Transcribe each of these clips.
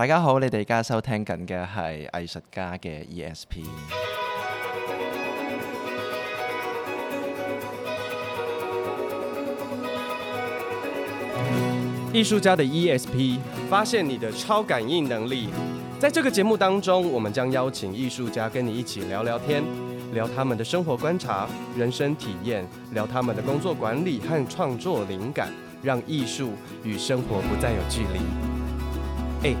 大家好，你哋而家收聽緊嘅係藝術家嘅 ESP。藝術家的 ESP，ES 發現你的超感應能力。在這個節目當中，我們將邀請藝術家跟你一起聊聊天，聊他們的生活觀察、人生體驗，聊他們的工作管理和創作靈感，讓藝術與生活不再有距離。誒。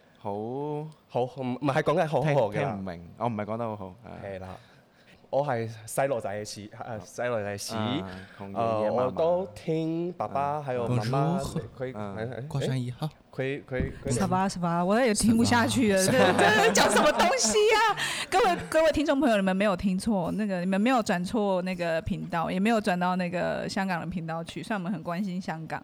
好好唔唔係講緊好好嘅，聽唔明，我唔係講得好好。係啦，我係細路仔嘅屎，啊細路仔屎。啊，我都聽爸爸，還有媽媽。可以，可好佢。以。十八十八，我也聽不下去，這講什麼東西呀？各位各位聽眾朋友，你們沒有聽錯，那個你們沒有轉錯那個頻道，也沒有轉到那個香港的頻道去，雖然我們很關心香港。